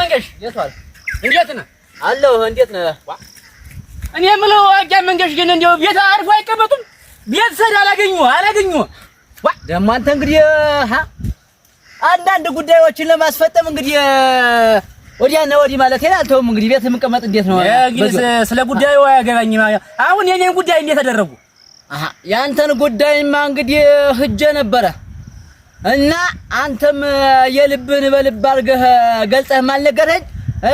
መንገሽ እንዴት ነህ? አለሁ። እንዴት ነህ? እኔ የምለው አጃ መንገሽ ግን እንደው ቤት አርፎ አይቀመጡም። ቤት ሰድ አላገኙ አላገኙ ደግሞ አንተ እንግዲህ አንዳንድ ጉዳዮችን ለማስፈጠም እንግዲህ ወዲያና ወዲህ ማለት ይሄን አልተውም። እንግዲህ ቤት የምቀመጥ እንዴት ነው? ስለ ጉዳዩ አያገባኝም። አሁን የኔን ጉዳይ እንዴት አደረጉ? አሃ ያንተን ጉዳይማ እንግዲህ ህጀ ነበረ እና አንተም የልብን በልብ አድርገህ ገልጸህ አልነገረኝ።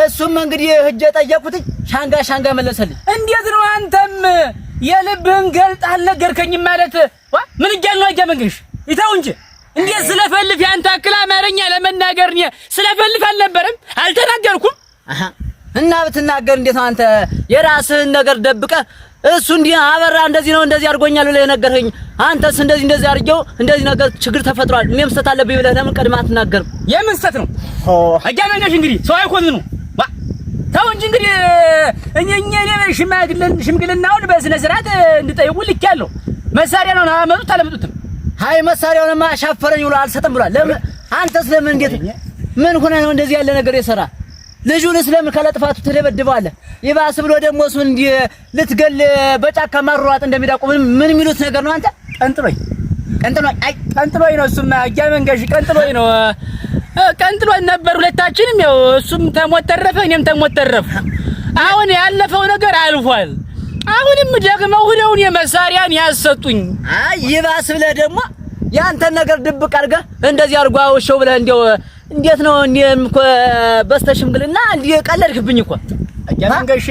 እሱም እንግዲህ ህጀ ጠየቁትኝ፣ ሻንጋ ሻንጋ መለሰልኝ። እንዴት ነው አንተም የልብን ገልጥ አልነገርከኝም ማለት ምን እያል ነው? አጃመንገሽ ይተው እንጂ እንዴት ስለፈልፍ ያንተ አክል አማርኛ ለመናገር ስለፈልፍ አልነበረም፣ አልተናገርኩም እና ብትናገር እንዴት ነው አንተ የራስህን ነገር ደብቀ እሱ እንዲህ አበራ እንደዚህ ነው እንደዚህ አድርጎኛል ብለህ የነገርኸኝ አንተስ እንደዚህ እንደዚህ አድርጌው እንደዚህ ነገር ችግር ተፈጥሯል፣ እኔም ስህተት አለብኝ ብለህ ለምን ቀድመህ አትናገርም? የምን ስህተት ነው? አጋናኛሽ እንግዲህ ሰው አይኮን ነው ተው እንጂ እንግዲህ እኛ እኛ እኔ ሽምግልናውን በስነ ስርዓት እንድጠይቁ ልክ ያለው መሳሪያ ነው አመጡት አለመጡትም። አይ መሳሪያውንማ አሻፈረኝ ብሎ አልሰጠም ብሏል። ለምን አንተስ ለምን እንዴት ምን ሆነ ነው እንደዚህ ያለ ነገር የሰራ ልጁን ስለምን ከለጥፋቱ ትደበድባለህ? ይባስ ብሎ ደግሞ እሱን እንዲህ ልትገል በጫካ ማሯጥ እንደሚዳቁ ምን የሚሉት ነገር ነው? አንተ ቀንጥሎኝ ቀንጥሎኝ አይ ቀንጥሎኝ ነው። እሱማ እያ መንገሽ ቀንጥሎኝ ነው። ቀንጥሎኝ ነበር ሁለታችንም። ያው እሱም ተሞት ተረፈ፣ እኔም ተሞት ተረፈ። አሁን ያለፈው ነገር አልፏል። አሁንም ደግመው ሁደውን የመሳሪያን ያሰጡኝ። አይ ይባስ ብለህ ደግሞ ያንተን ነገር ድብቅ አድርገህ እንደዚህ አድርጓ ውሸው ብለህ እንደው እንዴት ነው እንዴም እኮ በስተሽምግልና እንዴ ቀለድክብኝ እኮ አጃንገሽ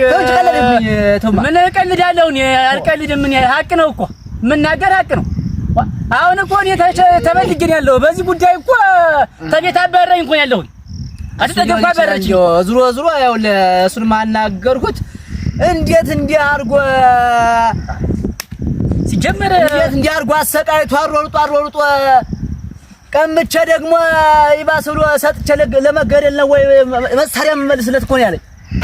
ምን እቀልዳለሁ እኔ አልቀልድም ምን ሀቅ ነው እኮ የምናገር ሀቅ ነው አሁን እኮ እኔ ተበልጄ ነው ያለሁት በዚህ ጉዳይ እኮ ተቤት አባረኝ እኮ ነው ያለሁት አትጠገብ አባረኝ ዝሮ ዝሮ ያው ለእሱን ማናገርኩት እንዴት እንዲህ አድርጎ ሲጀመር እንዴት እንዲህ አድርጎ አሰቃይቶ አሮርጦ አሮርጦ ቀምቼ ደግሞ ይባስ ብሎ ሰጥቼ ለመገደል ነው ወይ መሳሪያ መልስለት እኮ ነው ያለኝ።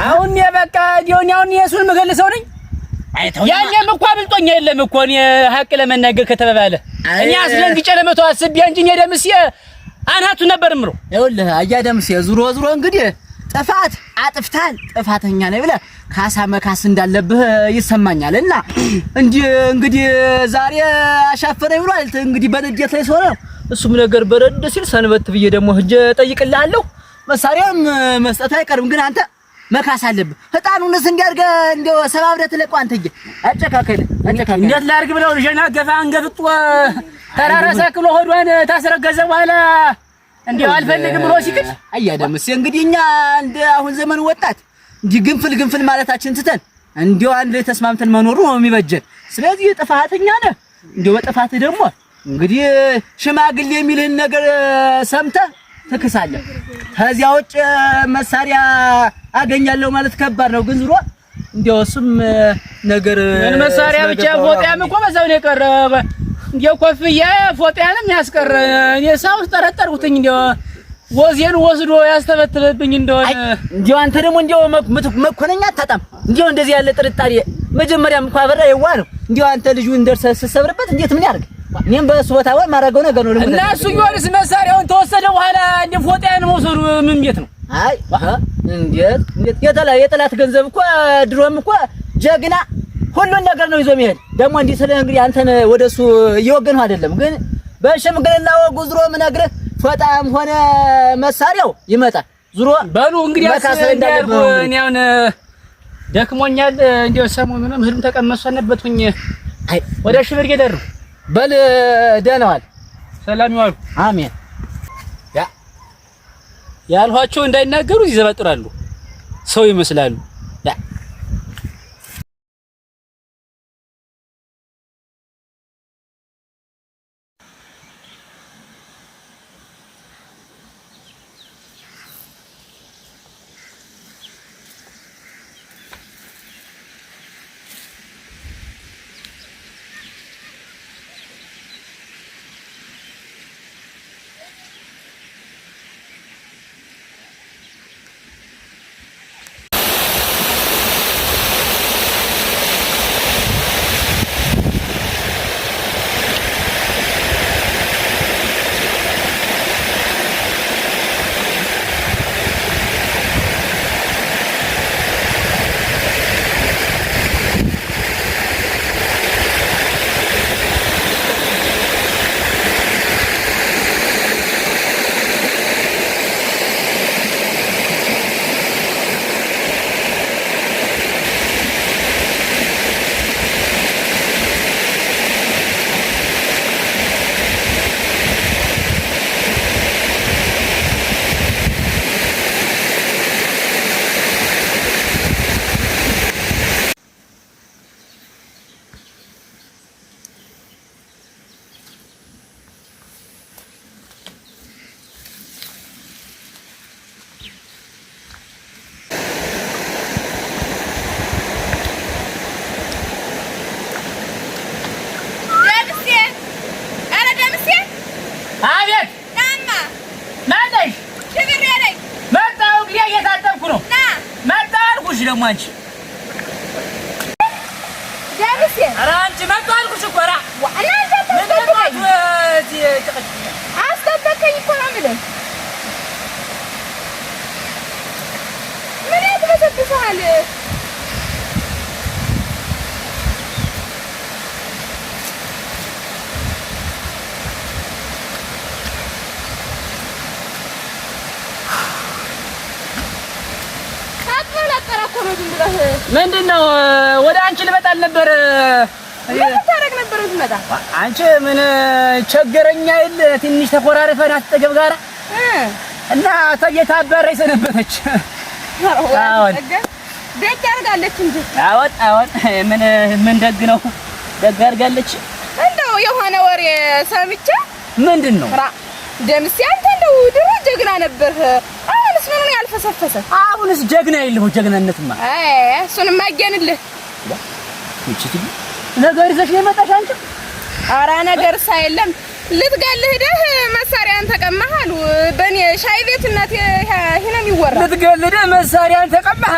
አሁን በቃ ዲዮን አሁን የሱን የምገልሰው ነኝ። ያኔም እኮ አብልጦኛ የለም እኮ እኔ ሀቅ ለመናገር ከተባባለ እኔ አስደንግጬ ለመተው አስቤ እንጂ እኔ ደምሴ አናቱ ነበር ምሮ ይኸውልህ፣ አያ ደምሴ ዙሮ ዙሮ እንግዲህ ጥፋት አጥፍታል፣ ጥፋተኛ ነኝ ብለህ ካሳ መካስ እንዳለብህ ይሰማኛል። እና እንዲህ እንግዲህ ዛሬ አሻፈረኝ ብሏል። እንግዲህ በንዴት ላይ ሰው ነው እሱም ነገር በረድ ሲል ሰንበት ብዬ ደግሞ ሂጅ እጠይቅልሃለሁ። መሳሪያም መስጠት አይቀርም፣ ግን አንተ መካስ አለብህ። ህጣኑንስ እንዲያርገ እንደ ሰባብረ ትለቁ አንተዬ አጨካከል አጨካከል እንዴት ላርግ ብለው ጀና ገፋ አንገፍጦ ተራራሳ ክሎ ሆዷን ታስረገዘ በኋላ እንዴው አልፈልግም ብሎ ሲክድ አያደምስ እንግዲህ እኛ እንደ አሁን ዘመን ወጣት እንዲህ ግንፍል ግንፍል ማለታችን ትተን እንዲው አንድ ላይ ተስማምተን መኖሩ ነው የሚበጀን። ስለዚህ ጥፋተኛ ነህ፣ እንዲው በጥፋትህ ደግሞ እንግዲህ ሽማግሌ የሚልህን ነገር ሰምተህ ትክሳለህ። ከዚያ ውጭ መሳሪያ አገኛለሁ ማለት ከባድ ነው። ግን ዝሮ እንዲያው እሱም ነገር ምን መሳሪያ ብቻ ፎጣም እኮ በዛው ነው የቀረ እንዲያው ኮፍያ ፎጣንም ያስቀረ እኔ ሳውስ ጠረጠርኩትኝ እንዲያው ወዜን ወስዶ ያስተበትበብኝ እንደሆነ እንዲያው አንተ ደግሞ እንዲያው መኮነኛ አታጣም እንዲያው እንደዚህ ያለ ጥርጣሬ መጀመሪያም እንኳን አበራ የዋ ነው እንዲያው አንተ ልጁን ደርሰህ ስትሰብርበት እንዴት ምን ያደርግ እኔም በእሱ ቦታ ወይ ማረገው ነገር ነው ለምን እና እሱ ዮሐንስ መሳሪያውን ተወሰደ በኋላ እንደ ፎጣያን መውሰዱ ምን ቤት ነው? አይ እንዴት እንዴት የጠላ የጠላት ገንዘብ እኮ ድሮም እኮ ጀግና ሁሉን ነገር ነው ይዞ የሚሄድ ደግሞ እንዲህ ስለ እንግዲህ አንተን ወደሱ እየወገንሁ አይደለም፣ ግን በሽምግልና ወጉ ዝሮ ምነግርህ ፎጣም ሆነ መሳሪያው ይመጣል። ዝሮ በሉ እንግዲህ አሰ እንዳልኩ እኔ አሁን ደክሞኛል። እንዲያው ሰሞኑንም ህልም ተቀመሰነበትኝ አይ ወደ ሽብር ጌደር ነው በል ደህና ዋል። ሰላም ይዋል። አሜን። ያ ያልኋቸው እንዳይናገሩ ይዘበጥራሉ፣ ሰው ይመስላሉ። ደግሞ አንቺ ኧረ አንቺ መጡ አልኩሽ እኮ ኧረ አስጠበቀኝ እኮ ነው የምልህ። ምን ያህል ተሰብሰዋል? ምንድን ነው? ወደ አንቺ ልመጣል ነበር። ታረቅ ነበር ትመጣ አንቺ ምን ቸገረኛ ይል ትንሽ ተኮራርፈን አትጠገብ ጋር እና ተየታበረ ሰነበተች። አዎን ደግ አድርጋለች እንጂ አዎን፣ አዎን ምን ምን ደግ ነው፣ ደግ አድርጋለች። እንደው የሆነ ወሬ ሰምቼ ምንድን ነው ደምሴ፣ አንተ እንደው ድሮ ጀግና ነበርህ አንተስ ምን ያልፈሰፈሰ? አሁንስ ጀግና የለሁ። ጀግናነትማ አይ እሱን እሱንማ አየንልህ። ነገር ይዘሽ ነው የመጣሽ አንቺ? ኧረ ነገር ሳይለም ልትገልህ ደህ መሳሪያን ተቀማህ አሉ። በኔ ሻይ ቤት እናት ይሄ ነው የሚወራው። ልትገልህ ደህ መሳሪያን ተቀማህ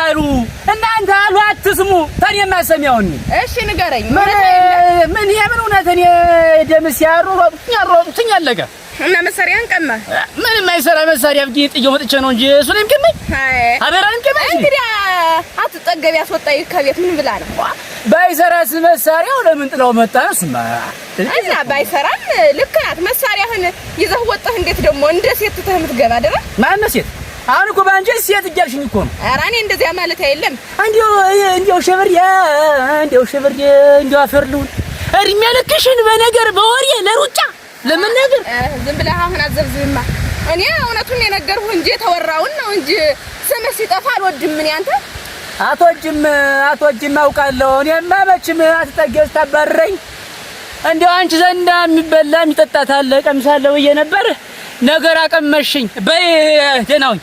እናንተ አሉ አትስሙ። ታን የማሰሚያውን እሺ ንገረኝ። ምን ምን የምን እውነት እኔ ደምስ ያሩ ያሩ ትኛለገ እና መሳሪያን ቀማ። ምንም አይሰራ መሳሪያ ብዬ ጥዬው መጥቼ ነው እንጂ እሱ ላይ ምቀመኝ አበራን ምቀመኝ። እንግዲህ አትጠገብ ያስወጣኝ ከቤት ምን ብላ ነው? ባይሰራስ መሳሪያው ለምን ጥለው መጣ? እሱማ እና ባይሰራም ልክ ናት። መሳሪያህን ይዘህ ወጣህ። እንዴት ደግሞ እንደ ሴት ትተህ የምትገባ ደረ ማነው ሴት? አሁን እኮ በአንቺ ሴት እያልሽኝ እኮ ነው። ኧረ እኔ እንደዚያ ማለት አይደለም። እንዲያው እንዲያው ሸበርዬ እንዲያው ሸበርዬ እንዲያው አፈር ልሁን እድሜ ልክሽን በነገር በወሬ ለሩጫ ለምን ነገር ዝም ብለህ አሁን አዘብዝብማ። እኔ እውነቱን የነገርኩህ እንጂ የተወራውን ነው እንጂ ስምህ ሲጠፋ አልወድም። ምን ያንተ አትወጅም አትወጅም አውቃለሁ። እኔማ መችም አትጠገዝ ታባርረኝ። እንዲያው አንቺ ዘንዳ የሚበላ የሚጠጣት አለ ቀምሳለሁ ብዬ ነበር ነገር አቀመሽኝ። በይ ደህና ሁኝ።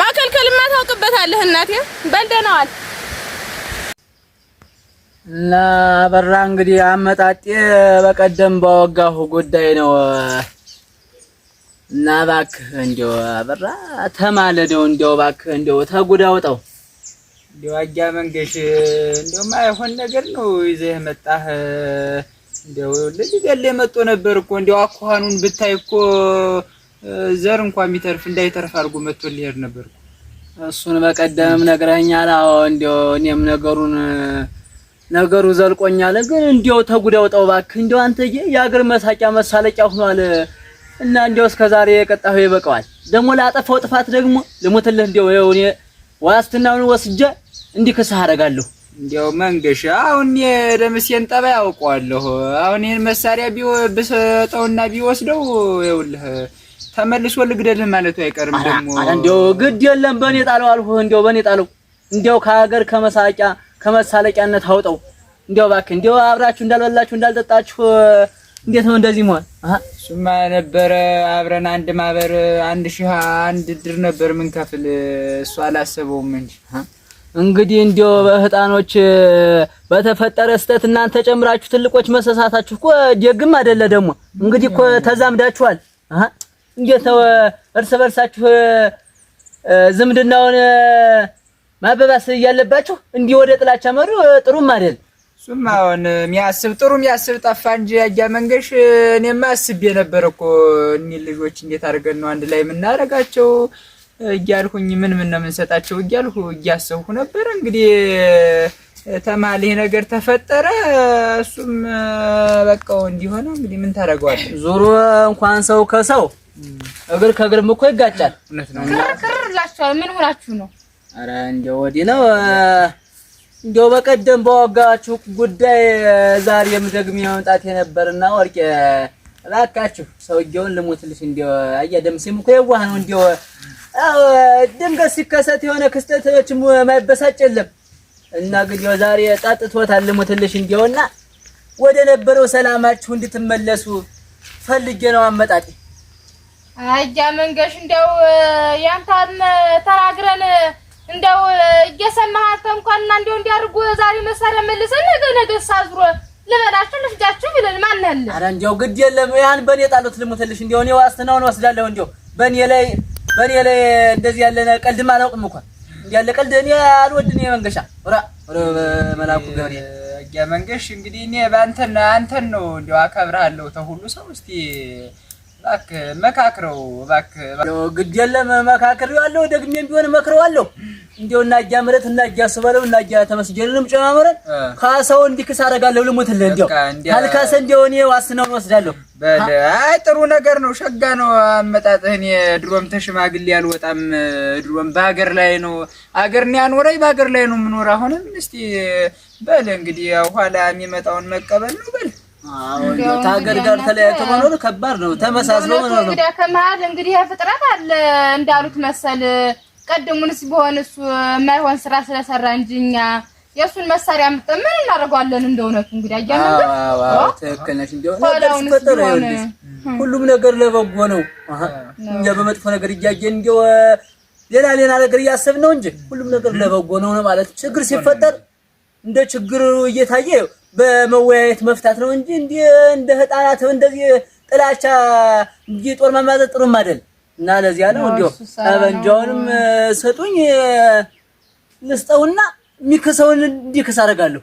ማከልከልማ ታውቅበታለህ እናቴ። በል ደህና ዋል። እና በራ እንግዲህ አመጣጤ በቀደም ባወጋሁ ጉዳይ ነው። እና እባክህ እንደው አበራ ተማለደው እንደው እባክህ እንደው ተጉዳውጠው እንደው አጃ መንገሽ እንደው ማይሆን ነገር ነው ይዘህ መጣህ። እንደው ልጅ ገለ መጥቶ ነበር እኮ እንደው አኳኋኑን ብታይ እኮ ዘር እንኳን የሚተርፍ እንዳይተርፍ አድርጎ መጥቶ ሊሄድ ነበር እሱን በቀደምም ነግረኸኛል። አዎ እንደው እኔም ነገሩን ነገሩ ዘልቆኛል። ግን እንዲያው ተጉዳው ጠው እባክህ እንዲያው አንተዬ የአገር መሳቂያ መሳለቂያ ሆኗል እና እንዲያው ዛሬ የቀጣሁ ይበቃዋል። ደግሞ ላጠፋው ጥፋት ደግሞ ልሞትልህ እንዲያው ይኸው እኔ ዋስትናውን ወስጄ እንዲክስ አደርጋለሁ። እንዲያው መንገሽ፣ አሁን የደምሴን ጠባይ አውቀዋለሁ። አሁን ይህን መሳሪያ ብሰጠውና ቢወስደው ይኸውልህ ተመልሶ ልግደልህ ማለቱ አይቀርም። ደግሞ እንዲያው ግድ የለም በእኔ ጣለው አልሆ እንዲያው በእኔ ጣለው እንዲያው ከሀገር ከመሳቂያ ከመሳለቂያነት አውጠው። እንዲያው እባክህ እንዲያው አብራችሁ እንዳልበላችሁ እንዳልጠጣችሁ እንዴት ነው እንደዚህ መሆን? እሱማ ነበረ አብረን አንድ ማህበር አንድ ሺህ አንድ ድር ነበር ምን ከፍል እሱ አላሰበውም እንጂ እንግዲህ እንዲያው በህጣኖች በተፈጠረ ስህተት እናንተ ጨምራችሁ ትልቆች መሰሳታችሁ እኮ ደግም አይደለ ደግሞ እንግዲህ እኮ ተዛምዳችኋል። እንዴት ነው እርስ በርሳችሁ ዝምድናውን ማበባስ እያለባችሁ እንዲህ ወደ ጥላቻ መሩ ጥሩም አይደል። እሱማ አሁን የሚያስብ ጥሩ የሚያስብ ጠፋ እንጂ ያያ መንገሽ። እኔማ አስቤ ነበር እኮ እኒህ ልጆች እንዴት አድርገን ነው አንድ ላይ የምናደርጋቸው እያልሁኝ ምን ምን ነው የምንሰጣቸው እያልሁ እያሰብሁ ነበር። እንግዲህ ተማሊ ነገር ተፈጠረ። እሱም በቃው እንዲሆነ እንግዲህ ምን ታደርገዋለህ። ዞሮ እንኳን ሰው ከሰው እግር ከእግርም እኮ ይጋጫል። ክርክር ላችኋል። ምን ሆናችሁ ነው? ኧረ እንደው ወዲህ ነው። እንደው በቀደም በዋጋችሁ ጉዳይ ዛሬ ደግሜ መምጣት የነበርና ወርቄ እባካችሁ ሰውዬውን ልሙትልሽ። እንደው አየህ ደምሴም እኮ የዋህ ነው። እንደው ድንገት ሲከሰት የሆነ ክስተቶች ማይበሳጭ የለም እና ግን ያው ዛሬ ጣጥቶታል። ልሙትልሽ እንደውና ወደ ነበረው ሰላማችሁ እንድትመለሱ ፈልጌ ነው አመጣጤ። አያ መንገሽ እንደው ያንተን ተራገ እንደው እየሰማሃት እንኳን እና እንደው እንዲያርጉ ዛሬ መሳሪያ መልሰን ነገ ነገ ሳዝሮ ልበላችሁ ልፍጃችሁ ብለን ማን ያለ? ኧረ እንደው ግድ የለም ያን በኔ ጣሉት ልሙትልሽ። እንደው እኔ ዋስትናውን ወስዳለሁ። እንደው በኔ ላይ በኔ ላይ እንደዚህ ያለ ቀልድ አላውቅም እንኳን እንዲህ ያለ ቀልድ እኔ አልወድን። መንገሻ ወራ ወራ መላኩ ገብርኤል ያ መንገሽ እንግዲህ እኔ ባንተና አንተን ነው እንደው አከብራለሁ ተሁሉ ሰው እስቲ እባክህ መካክረው እባክህ ግድ የለም መካክሬዋለሁ። ደግሜም ቢሆን እመክረዋለሁ። እንዲያው እናጃ ምረት እናጃ ስበለው እናጃ ተመስገንንም ጨማምረን ካሰው እንዲክስ አደርጋለሁ። ልሙትልህ እንዲያው ካልካሰ እንዲያው እኔ ዋስናውን ወስዳለሁ። አይ ጥሩ ነገር ነው፣ ሸጋ ነው አመጣጥህ። እኔ ድሮም ተሽማግሌ አልወጣም። ድሮም በሀገር ላይ ነው አገር ነው ያኖረኝ፣ በሀገር ላይ ነው የምኖር። አሁንም እስኪ በል እንግዲህ ኋላ የሚመጣውን መቀበል ነው በል ከሀገር ጋር ተለያይቶ መኖር ከባድ ነው። ተመሳስሎ መኖር ነው። ከመሀል እንግዲህ ፍጥረት አለ እንዳሉት መሰል ቀድሙንስ ቢሆን እሱ የማይሆን ስራ ስለሰራ እንጂ እኛ የእሱን መሳሪያ ምጠን ምን እናደርገዋለን? እንደ እውነቱ እንግዲህ አያመንኩ። ሁሉም ነገር ለበጎ ነው። እኛ በመጥፎ ነገር እያየን እንዲያው ሌላ ሌላ ነገር እያሰብን ነው እንጂ ሁሉም ነገር ለበጎ ነው ማለት ችግር ሲፈጠር እንደ ችግሩ እየታየ በመወያየት መፍታት ነው እንጂ እንዲህ እንደ ህፃናት እንደዚህ ጥላቻ ጦር መማዘዝ ጥሩም አይደል። እና ለዚህ ነው እንዲሁ ጠበንጃውንም ስጡኝ ልስጠውና የሚክሰውን እንዲክስ አደርጋለሁ ነው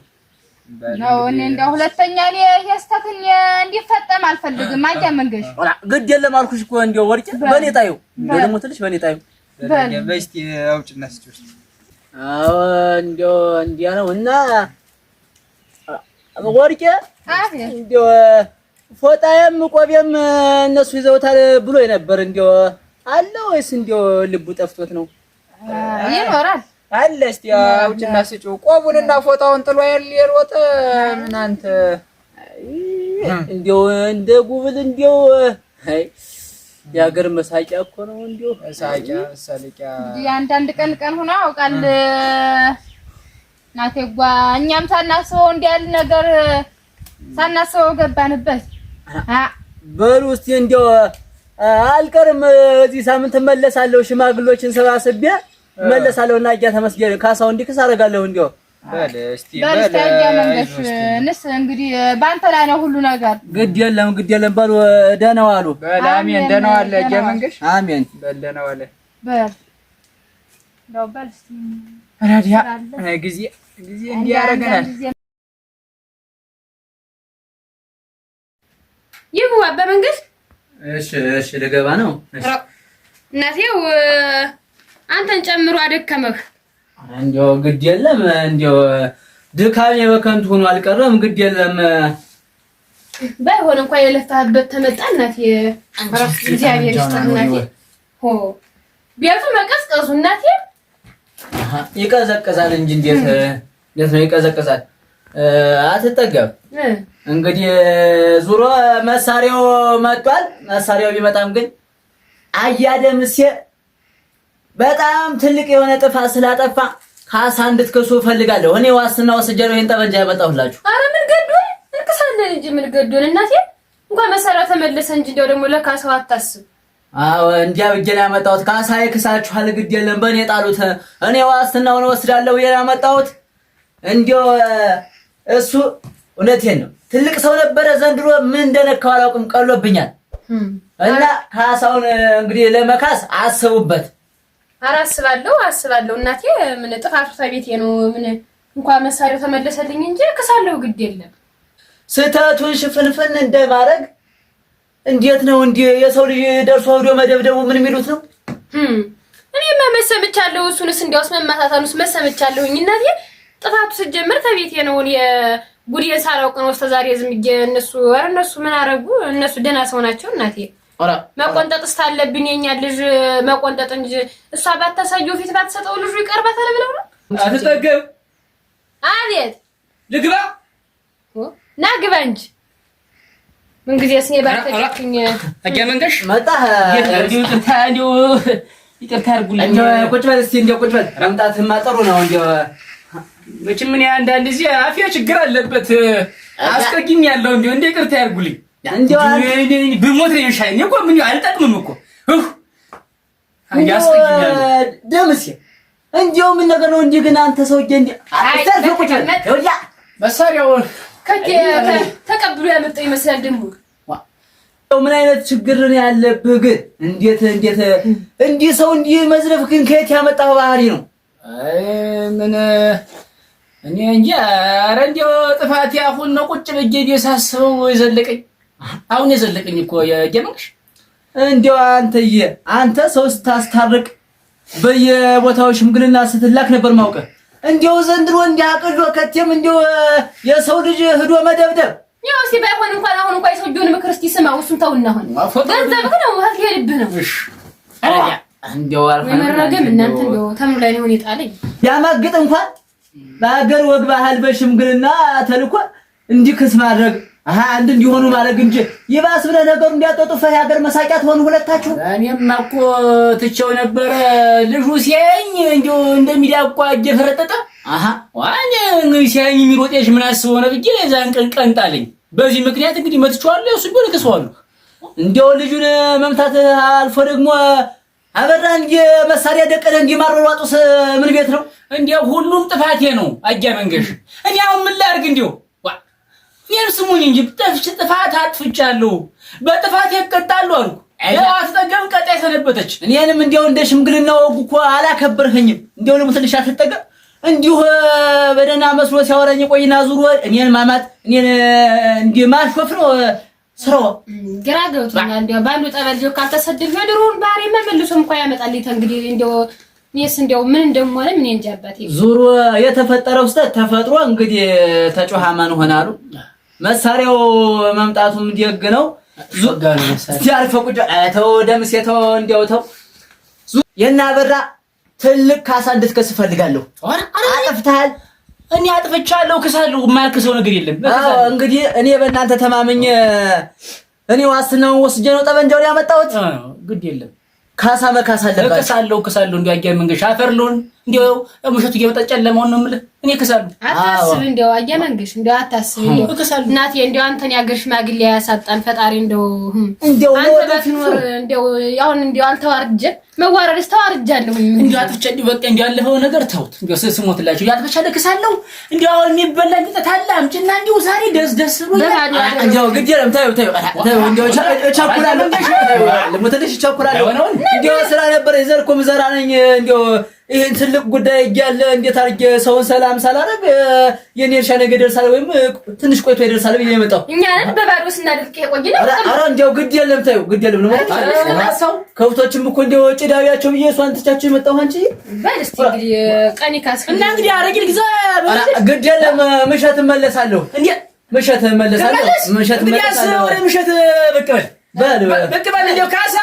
እኔ እንደው ሁለተኛ እኔ የስተትን እንዲፈጠም አልፈልግም። አያ መንገሽ ግድ የለም አልኩሽ እኮ እንደው ወርጭ በኔ ጣዩ ደግሞ ትልሽ በኔ ጣዩ በስቲ አውጭ ስጭ ውስጥ አዎ እንደው እንዲያ ነው እና ወርቄ እንዲያው ፎጣዬም ቆቤም እነሱ ይዘውታል ብሎ የነበር እንዲያው አለ ወይስ እንዲያው ልቡ ጠፍቶት ነው? ይኖራል አለ። እስኪ አውጭና ስጪው ቆቡንና ፎጣውን ጥሎ የሮጠ ምን አንተ እንዲያው እንደ ጉብል እንዲያው አይ የሀገር መሳቂያ እኮ ነው። እንዲያው መሳቂያ ሰልቂያ አንዳንድ ቀን ቀን ሆኖ አውቃል ናቴጓ እኛም ሳናስበው እንዲያል ነገር ሳናስበው ገባንበት። በሉ እስቲ እንዲያው አልቀርም እዚህ ሳምንት እመለሳለሁ፣ ሽማግሎችን ሰባስቤ እመለሳለሁ እና እያ ተመስገን ካሳው እንዲክስ አደርጋለሁ። እንዲያው በል እስቲ በል መንገሽ ንስ እንግዲህ በአንተ ላይ ነው ሁሉ ነገር። ግድ የለም ግድ የለም በሉ ደህና ዋሉ። አሜን፣ ደህና ዋለ። እያ መንገሽ አሜን፣ በል ደህና ዋለ። በል በል እስቲ ረዲያ ጊዜ ጊዜ እንዲያደርገናል። ይህ በመንግስት እሺ፣ እሺ፣ ልገባ ነው እናቴው። አንተን ጨምሮ አደከመህ። እንዲያው ግድ የለም እንዲያው ድካሜ በከንቱ ሆኖ አልቀረም። ግድ የለም ባይሆን እንኳን የለፋህበት ተመጣ። እናቴ ራስ እግዚአብሔር ይስጥህ እናቴ። ሆ ቢያቱ መቀስቀሱ እናቴ ይቀዘቅዛል እንጂ እንዴት እንዴት ነው ይቀዘቅዛል? አትጠገብ እንግዲህ ዙሮ መሳሪያው መጥቷል። መሳሪያው ቢመጣም ግን አያደምሴ በጣም ትልቅ የሆነ ጥፋት ስላጠፋ ካሳ እንድትከሱ እፈልጋለሁ። እኔ ዋስትና ወስጀለው ይሄን ጠመንጃ ያመጣሁላችሁ። አረ ምን ገዶን እንቅሳለን እንጂ ምን ገዶን እናቴ። እንኳን መሳሪያው ተመለሰ እንጂ እንደው ደግሞ ለካሳው አታስብ እንዲያ ብዬ ነው ያመጣሁት። ካሳ ይክሳችኋል፣ ግድ የለም በእኔ ጣሉት። እኔ ዋስትናውን ወስዳለሁ ብዬ ነው ያመጣሁት። እንዲያው እሱ እውነቴን ነው ትልቅ ሰው ነበረ። ዘንድሮ ምን እንደነካው አላውቅም፣ ቀሎብኛል። እና ካሳውን እንግዲህ ለመካስ አስቡበት። ኧረ አስባለሁ አስባለሁ። እናቴ ምን ጥፋቱ ቤቴ ነው። ምን እንኳን መሳሪያው ተመለሰልኝ እንጂ እክሳለሁ፣ ግድ የለም ስህተቱን ሽፍንፍን እንደማድረግ እንዴት ነው እንዴ? የሰው ልጅ ደርሶ ወዶ መደብደቡ ምን የሚሉት ነው? እኔ መሰምቻለሁ። እሱንስ እንዲያውስ መማታታኑስ መሰምቻለሁኝ። እናቴ ጥፋቱ ስጀምር ተቤቴ ነው ጉዴን ሳላውቅ ነው እስከ ዛሬ ዝም ብዬ። እነሱ ኧረ እነሱ ምን አረጉ? እነሱ ደህና ሰው ናቸው። እናቴ መቆንጠጥ ስታለብኝ የኛ ልጅ መቆንጠጥ እንጂ እሷ ባታሳየው ፊት ባትሰጠው ልጁ ይቀርባታል ብለው ነው። አትጠገብ። አቤት ልግባ ና ግባ እንጂ ምንጊዜስ እኔ ባልተጨክኝ ችግር አለበት፣ አስቀጊኝ ያለው እንደው እንደ ይቅርታ አድርጉልኝ። ብሞት ነው የሚሻለኝ እኮ ምን አልጠቅምም እኮ ደምሴ። እንደው ምን ነገር ነው እንዲህ ግን አንተ ሰውዬ እንዲህ መሳሪያውን ተቀብሎ ያመጣው ይመስላል ደግሞ ምን አይነት ችግር ነው ያለብህ? ግን እንዴት እንዴት እንዲህ ሰው እንዲህ መዝረፍ ግን ከየት ያመጣው ባህሪ ነው? አይ ምን እኔ እንጂ ኧረ እንዲያው ጥፋት ያሁን ነው። ቁጭ ብዬ ሳስበው የዘለቀኝ አሁን የዘለቀኝ እኮ የጀመቅሽ እንዲያው አንተዬ አንተ ሰው ስታስታርቅ በየቦታው ሽምግልና ስትላክ ነበር ማውቀ እንዲያው ዘንድሮ እንዲያቅሎ ከቴም እንዲያው የሰው ልጅ ህዶ መደብደብ ያው እስኪ ባይሆን እንኳን አሁን እንኳን የሰውየውን ምክር እስኪ ስማው። እሱን ተውና አሁን ገንዘብህ ነው እህት ልብህ ነው። እሺ እንደው መረገም እናንተ እንደው ተምር ላይ ሊሆን የጣለኝ ያማግጥ እንኳን በሀገር ወግ ባህል በሽምግልና ተልኮ እንዲክስ ማድረግ አንድ እንዲሆኑ ማድረግ እንጂ ይባስ ብለህ ነገሩ እንዲያጠጡፈህ የሀገር መሳቂያ ትሆኑ ሁለታችሁ። እኔማ እኮ ትቼው ነበረ ልጁ ሲያየኝ እንደሚዳቋ ሲያየኝ የሚሮጤሽ ምን አስበው ነው ብዬ ቀን በዚህ ምክንያት እንግዲህ መትቼዋለሁ። እሱ ቢሆን እከሰዋለሁ። እንዲያው ልጁን መምታት አልፎ ደግሞ አበራ እንጂ መሳሪያ ደቀነ እንጂ ማሯሯጡስ ምን ቤት ነው? እንዲያው ሁሉም ጥፋቴ ነው። አጃ መንገሽ እኔ አሁን ምን ላድርግ? እንዲያው እኔም ስሙኝ እንጂ ጥፍች ጥፋት አጥፍቻለሁ፣ በጥፋት እቀጣለሁ አልኩ። ያው አትጠገም ቀጣይ ሰነበተች። እኔንም እንዲያው እንደ ሽምግልና ወጉ እኮ አላከበርኸኝም። እንዲያው ደግሞ አትጠገም እንዲሁ በደህና መስሎ ሲያወራኝ ቆይና ዙሮ እኔን ማማት እኔን እንዲህ ማሾፍ ነው ስራው። ግራ ገብቶኛል። እንዲያው ባንዱ ጠበል ጆ ካልተሰደደ የድሮውን ባህሪ መልሶ እንኳን ያመጣል። እንግዲህ እንዲያው እኔስ እንዲያው ምን እንደምሆነ ምን እንጃበት። ዙሮ የተፈጠረው ስህተት ተፈጥሮ እንግዲህ ተጮሃ ማን ሆናሉ። መሳሪያው መምጣቱም ደግ ነው። ዙጋ ነው መሳሪያ ሲያርፈው ቁጭ ተው ደምሴ ተው እንዲያው ተው የና ትልቅ ካሳ እንድትከስ እፈልጋለሁ። አጥፍተሃል። እኔ አጥፍቻለሁ፣ ክሳለሁ። የማያክሰው ነገር የለም። እንግዲህ እኔ በእናንተ ተማምኜ እኔ ዋስትናውን ወስጄ ነው ጠበንጃውን ያመጣሁት። ግድ የለም፣ ካሳ መካስ አለባቸው። ክሳለሁ፣ ክሳለሁ። እንዲ አጊያ መንገሻ አፈር ልሆን እንዲያው ምሽቱ እየመጣ ጨለማውን ነው የምልህ። እኔ እክሳለሁ። አታስብ፣ እንዲያው አየመንግሽ፣ እንዲያው አታስብ፣ እንዲያው እክሳለሁ። እናቴ እንዲያው አንተን የአገር ሽማግሌ ያሳጣን ፈጣሪ። እንዲያው እንዲያው አንተ ባትኖር እንዲያው አሁን እንዲያው አልተዋርጀ መዋረድስ ተዋርጃለሁ። እንዲያው አጥፍቼ በቃ እንዲያው ያለፈው ነገር ተውት። እንዲያው ስሞትላችሁ ያጥፍቻለሁ፣ እክሳለሁ። እንዲያው አሁን የሚበላ ቢጠት አለ አምጪና እንዲያው ዛሬ ደስ ደስ ብሎ እንዲያው ግድ የለም። ተይው ተይው ተይው፣ እንዲያው እቸኩላለሁ፣ ልሞትልሽ እቸኩላለሁ። እንዲያው ስራ ነበር የዘርኩም ዘራ ነኝ እንዲያው ይህን ትልቅ ጉዳይ እያለ እንዴት አድርጌ ሰውን ሰላም ሳላረግ የኔ እርሻ ነገ ደርሳለ ወይም ትንሽ ቆይቶ ይደርሳል ብዬ የመጣው እኛን በባዶ ስናደርግ ቆይ ነው። ኧረ እንዲያው ግድ የለም ተይው፣ ግድ የለም ነው ሰው ከብቶችም እኮ እንዲያው ጭዳቢያቸው ብዬ እሷን ትቻቸው የመጣው አንቺ በል እስኪ እና እንግዲህ አረጊል ጊዜ ግድ የለም ምሸት መለሳለሁ። እንዴ ምሸት እመለሳለሁ። ምሸት እመለሳለሁ። ምሸት በቅበል በቅበል እንዲያው ካሳ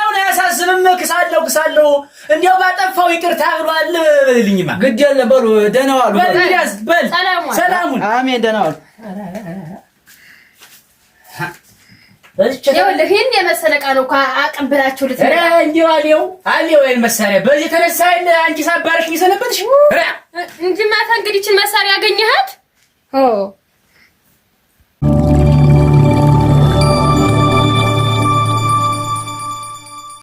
አላስብም። ክሳለሁ ክሳለሁ እንዲያው ባጠፋው ይቅርታ ብሏል። በልልኝማ ግድ የለም በሉ ደህና ዋሉ። በል ሰላሙን አሜን። ደህና ዋሉ። ይህን የመሰለ ነው እኮ አቀብላችሁ ልትነግረኝ። እንዲያው አልየው አልየው ይሄን መሳሪያ በዚህ የተነሳ አንቺ ሳባርሽ የሚሰነበትሽ እንጂ ማታ እንግዲህ መሳሪያ ያገኘሃት